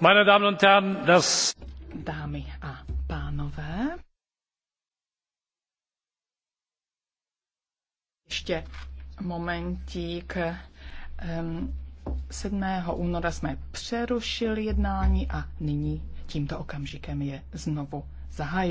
Meine Damen und Herren, das Dámy a pánové, ještě momentík. 7. února jsme přerušili jednání a nyní tímto okamžikem je znovu zahájeno.